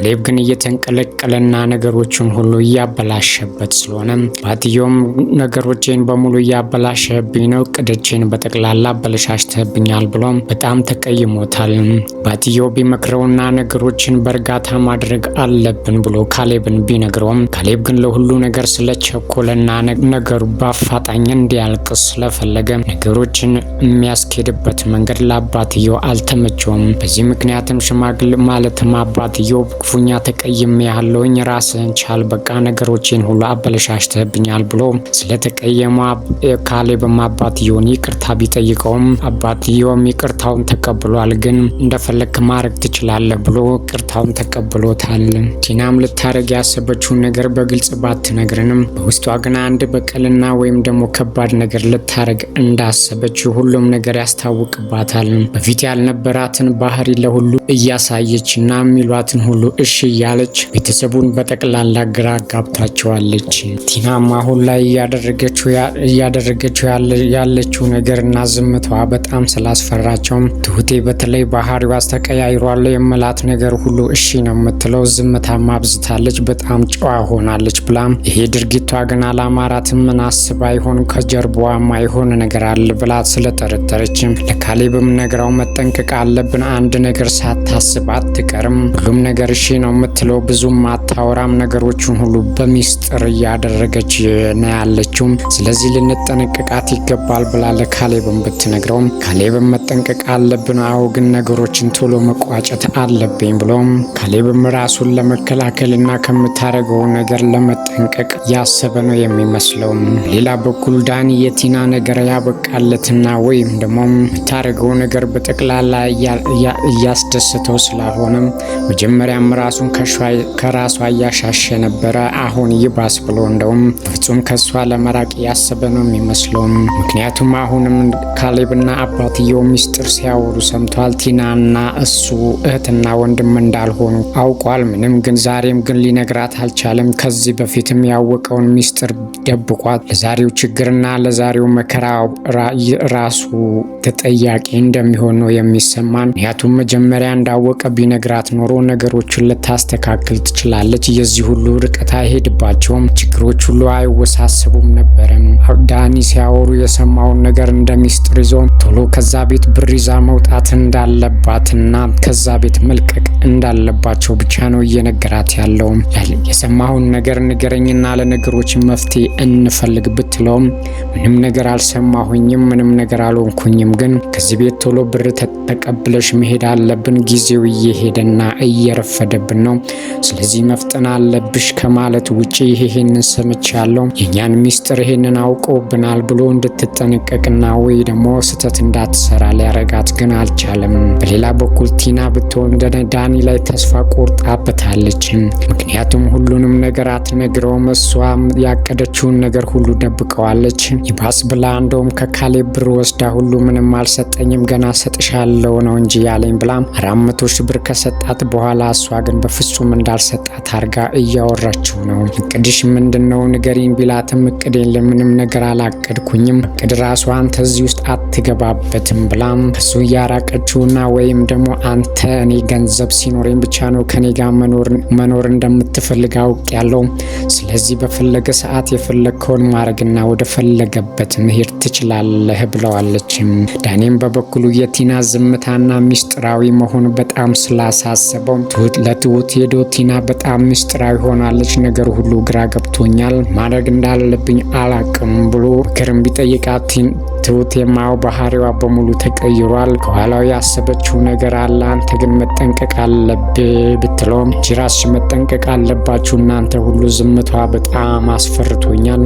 ካሌብ ግን እየተንቀለቀለና ነገሮችን ሁሉ እያበላሸበት ስለሆነ ባትየውም ነገሮቼን በሙሉ እያበላሸብኝ ነው፣ ቅደቼን በጠቅላላ አበለሻሽተብኛል ብሎ በጣም ተቀይሞታል። ባትዮ ቢመክረውና ነገሮችን በእርጋታ ማድረግ አለብን ብሎ ካሌብን ቢነግረውም ካሌብ ግን ለሁሉ ነገር ስለቸኮለና ነገሩ በአፋጣኝ እንዲያልቅ ስለፈለገ ነገሮችን የሚያስኬድበት መንገድ ለአባትየው አልተመቸውም። በዚህ ምክንያትም ሽማግሌ ማለትም አባትየው ክፉኛ ያለውኝ ራስን ቻል፣ በቃ ነገሮችን ሁሉ አበለሻሽተብኛል ብሎ ስለተቀየመ ካሌብም አባትየውን ይቅርታ ቢጠይቀውም አባትየውም ይቅርታውን ተቀብሏል። ግን እንደፈለግክ ማድረግ ትችላለህ ብሎ ቅርታውን ተቀብሎታል። ቲናም ልታደረግ ያሰበችውን ነገር በግልጽ ባትነግርንም በውስጧ ግን አንድ በቀልና ወይም ደግሞ ከባድ ነገር ልታደረግ እንዳሰበች ሁሉም ነገር ያስታውቅባታል። በፊት ያልነበራትን ባህሪ ለሁሉ እያሳየችና የሚሏትን ሁሉ እሺ እያለች ቤተሰቡን በጠቅላላ ግራ አጋብታቸዋለች። ቲናም አሁን ላይ እያደረገችው ያለችው እና ዝምታዋ በጣም ስላስፈራቸውም ትሁቴ በተለይ ባህሪዋ ተቀያይሯል የመላት ነገር ሁሉ እሺ ነው የምትለው፣ ዝምታም አብዝታለች። በጣም ጨዋ ሆናለች ብላም ይሄ ድርጊቷ ግን አላማራትም። ምን አስባ ይሆን ከጀርባዋ ማይሆን ነገር አለ ብላ ስለጠረጠረችም ለካሌብም ነግራው መጠንቀቅ አለብን አንድ ነገር ሳታስብ አትቀርም ሁሉም ነገር እሺ ነው የምትለው፣ ብዙም አታወራም። ነገሮችን ሁሉ በሚስጥር እያደረገች ነው ያለችውም። ስለዚህ ልንጠነቅቃት ይገባል ብላ ለካሌብን ብትነግረውም ካሌብን መጠንቀቅ አለብን፣ አዎ ግን ነገሮችን ቶሎ መቋጨት አለብኝ ብሎም ካሌብም ራሱን ለመከላከልና ከምታደርገው ነገር ለመጠንቀቅ ያሰበ ነው የሚመስለው። ሌላ በኩል ዳኒ የቲና ነገር ያበቃለትና ወይም ደግሞ የምታደርገው ነገር በጠቅላላ እያስደሰተው ስላልሆነም መጀመሪያ። ራሱን ከራሷ እያሻሸ ነበረ። አሁን ይባስ ብሎ እንደውም ፍጹም ከሷ ለመራቅ ያሰበ ነው የሚመስለውም። ምክንያቱም አሁንም ካሌብና አባትየው ሚስጥር ሲያወሩ ሰምቷል። ቲናና እሱ እህትና ወንድም እንዳልሆኑ አውቋል። ምንም ግን ዛሬም ግን ሊነግራት አልቻለም። ከዚህ በፊትም ያወቀውን ሚስጥር ደብቋት ለዛሬው ችግርና ለዛሬው መከራ ራሱ ተጠያቂ እንደሚሆን ነው የሚሰማን። ምክንያቱም መጀመሪያ እንዳወቀ ቢነግራት ኖሮ ነገሮችን ልታስተካክል ትችላለች። የዚህ ሁሉ ርቀት አይሄድባቸውም፣ ችግሮች ሁሉ አይወሳሰቡም ነበረም። ዳኒ ሲያወሩ የሰማውን ነገር እንደ ሚስጥር ይዞ ቶሎ ከዛ ቤት ብር ይዛ መውጣት እንዳለባትና ከዛ ቤት መልቀቅ እንዳለባቸው ብቻ ነው እየነገራት ያለው። የሰማውን ነገር ንገረኝና ለነገሮች መፍትሄ እንፈልግ ብትለውም ምንም ነገር አልሰማሁኝም፣ ምንም ነገር አልሆንኩኝም፣ ግን ከዚህ ቤት ቶሎ ብር ተቀብለሽ መሄድ አለብን፣ ጊዜው እየሄደና እየረፈደብን ነው፣ ስለዚህ መፍጠን አለብሽ ከማለት ውጭ ይሄንን ሰምቻለሁ፣ የእኛን ሚስጥር ይሄንን አውቀውብናል ብሎ እንድትጠነቀቅና ወይ ደግሞ ስህተት እንዳትሰራ ሊያረጋት ግን አልቻለም። በሌላ በኩል ቲና ብትሆን ዳኒ ላይ ተስፋ ቆርጣበታለች። ምክንያቱም ሁሉንም ነገር አትነግረውም። እሷ ያቀደችውን ነገር ሁሉ ደብቀዋለች። ይባስ ብላ እንደውም ከካሌ ብር ወስዳ ሁሉ ምንም አልሰጠኝም ገ እንደገና ሰጥሻለው ነው እንጂ ያለኝ ብላም አራት መቶ ሺህ ብር ከሰጣት በኋላ እሷ ግን በፍጹም እንዳልሰጣት አርጋ እያወራችው ነው። እቅድሽ ምንድን ነው ንገሪኝ ቢላትም እቅዴን ለምንም ነገር አላቀድኩኝም፣ እቅድ ራሷን ተዚህ ውስጥ አትገባበትም ብላም እሱ እያራቀችውና ወይም ደግሞ አንተ እኔ ገንዘብ ሲኖረኝ ብቻ ነው ከኔ ጋር መኖር እንደምትፈልግ አውቅ ያለው። ስለዚህ በፈለገ ሰዓት የፈለግከውን ማድረግና ወደ ፈለገበት መሄድ ትችላለህ ብለዋለችም። ዳኔም በበኩ በበኩሉ የቲና ዝምታና ምስጢራዊ መሆኑ በጣም ስላሳሰበው ለትሁት ሄዶ ቲና በጣም ምስጢራዊ ሆናለች፣ ነገር ሁሉ ግራ ገብቶኛል፣ ማድረግ እንዳለብኝ አላቅም ብሎ ምክርም ቢጠይቃት ትሁት ማው ባህሪዋ በሙሉ ተቀይሯል። ከኋላው ያሰበችው ነገር አለ፣ አንተ ግን መጠንቀቅ አለብህ ብትለውም እንጂ መጠንቀቅ አለባችሁ እናንተ ሁሉ ዝምቷ በጣም አስፈርቶኛል፣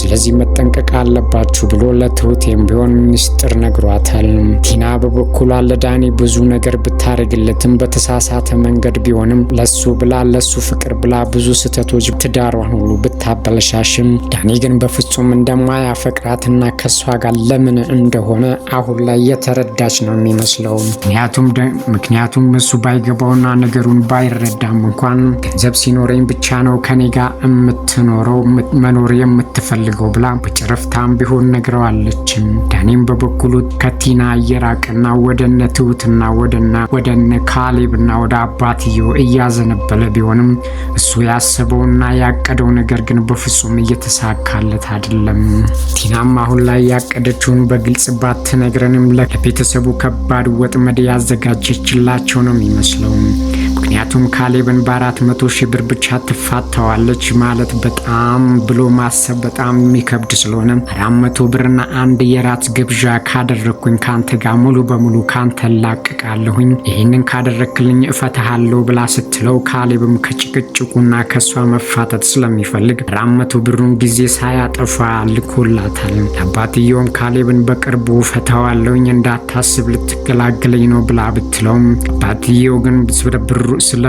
ስለዚህ መጠንቀቅ አለባችሁ ብሎ ለትሁቴም ቢሆን ምስጢር ነግሯታል። ቲና በበኩሏ ለዳኒ ብዙ ነገር ብታደርግለትም በተሳሳተ መንገድ ቢሆንም ለሱ ብላ ለሱ ፍቅር ብላ ብዙ ስህተቶች ትዳሯን ሁሉ ብታበለሻሽም ዳኒ ግን በፍጹም እንደማያፈቅራትና ከሷ ጋር ለም ምን እንደሆነ አሁን ላይ የተረዳች ነው የሚመስለው። ምክንያቱም እሱ ባይገባውና ነገሩን ባይረዳም እንኳን ገንዘብ ሲኖረኝ ብቻ ነው ከኔ ጋር የምትኖረው መኖር የምትፈልገው ብላ በጨረፍታም ቢሆን ነግረዋለችም። ዳኔም በበኩሉ ከቲና እየራቀና ወደነ ትሁትና ወደና ወደነ ካሌብና ወደ አባትየው እያዘነበለ ቢሆንም እሱ ያሰበውና ያቀደው ነገር ግን በፍጹም እየተሳካለት አይደለም። ቲናም አሁን ላይ ያቀደችው መሆኑን በግልጽ ባትነግረንም ለቤተሰቡ ከባድ ወጥመድ ያዘጋጀችላቸው ነው የሚመስለው። ምክንያቱም ካሌብን በአራት መቶ ሺህ ብር ብቻ ትፋታዋለች ማለት በጣም ብሎ ማሰብ በጣም የሚከብድ ስለሆነ አራት መቶ ብርና አንድ የራት ግብዣ ካደረግኩኝ ከአንተ ጋር ሙሉ በሙሉ ካንተ ላቅቃለሁኝ ይህንን ካደረግክልኝ እፈትሃለሁ ብላ ስትለው ካሌብም ከጭቅጭቁና ከእሷ መፋጠት ስለሚፈልግ አራት መቶ ብሩን ጊዜ ሳያጠፋ ልኮላታል። አባትየውም ካሌብን በቅርቡ ፈታዋለሁኝ እንዳታስብ ልትገላግለኝ ነው ብላ ብትለውም አባትየው ግን ብር ስለ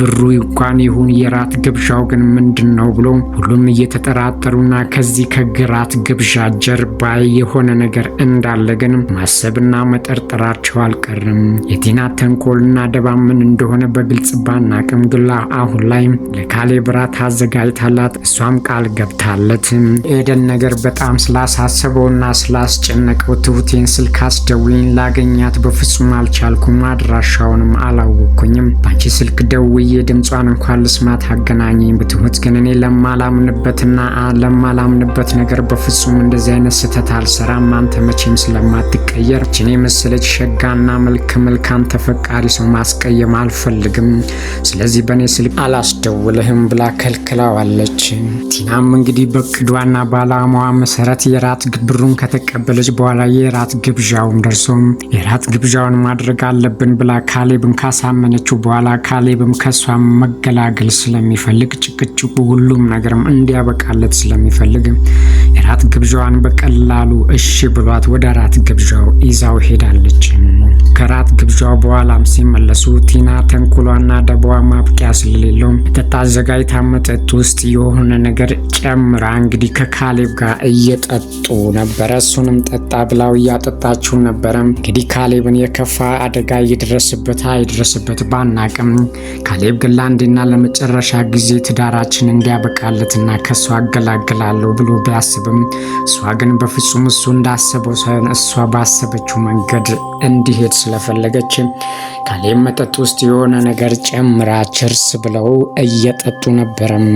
ብሩ እንኳን ይሁን የራት ግብዣው ግን ምንድን ነው ብሎ ሁሉም እየተጠራጠሩና ከዚህ ከግራት ግብዣ ጀርባ የሆነ ነገር እንዳለ ግን ማሰብና መጠርጠራቸው አልቀርም። የቲና ተንኮልና ደባ ምን እንደሆነ በግልጽ ባናቅም ግላ አሁን ላይ ለካሌብ ራት አዘጋጅታላት እሷም ቃል ገብታለት ኤደን ነገር በጣም ስላሳሰበውና ስላስጨነቀው ትሁቴን ስልክ አስደውይኝ ላገኛት በፍጹም አልቻልኩም፣ አድራሻውንም አላወኩኝም። ባንቺ ስልክ ደውዬ ድምጿን እንኳን ልስማት አገናኘኝ ብትሁት ግን እኔ ለማላምንበትና ለማላምንበት ነገር በፍጹም እንደዚህ አይነት ስህተት አልሰራም። አንተ መቼም ስለማትቀየር እኔ መሰለች ሸጋና መልክ መልካም ተፈቃሪ ሰው ማስቀየም አልፈልግም፣ ስለዚህ በእኔ ስልክ አላስደውልህም ብላ ከልክላዋለች። ቲናም እንግዲህ በቅዷና ባላማዋ መሰረት የራት ብሩን ከተቀበለች በኋላ የራት ግብዣውም ደርሶም የራት ግብዣውን ማድረግ አለብን ብላ ካሌብን ካሳመነችው በኋላ በኋላ ካሌብም ከሷ መገላገል ስለሚፈልግ ጭቅጭቁ፣ ሁሉም ነገርም እንዲያበቃለት ስለሚፈልግ የራት ግብዣዋን በቀላሉ እሺ ብሏት ወደ ራት ግብዣው ይዛው ሄዳለች። ከራት ግብዣው በኋላም ሲመለሱ ቲና ተንኩሏና ደቧ ማብቂያ ስለሌለው መጠጥ አዘጋጅታ መጠጥ ውስጥ የሆነ ነገር ጨምራ እንግዲህ ከካሌብ ጋር እየጠጡ ነበረ። እሱንም ጠጣ ብላው እያጠጣችው ነበረ። እንግዲህ ካሌብን የከፋ አደጋ እየደረስበት አይደረስበት ባናቅም ካሌብ ግን ለአንዴና ለመጨረሻ ጊዜ ትዳራችን እንዲያበቃለትና ከእሷ አገላግላለሁ ብሎ ቢያስብም እሷ ግን በፍጹም እሱ እንዳሰበው ሳይሆን እሷ ባሰበችው መንገድ እንዲሄድ ስለፈለገች ካሌብ መጠጥ ውስጥ የሆነ ነገር ጨምራ ችርስ ብለው እየጠጡ ነበረም።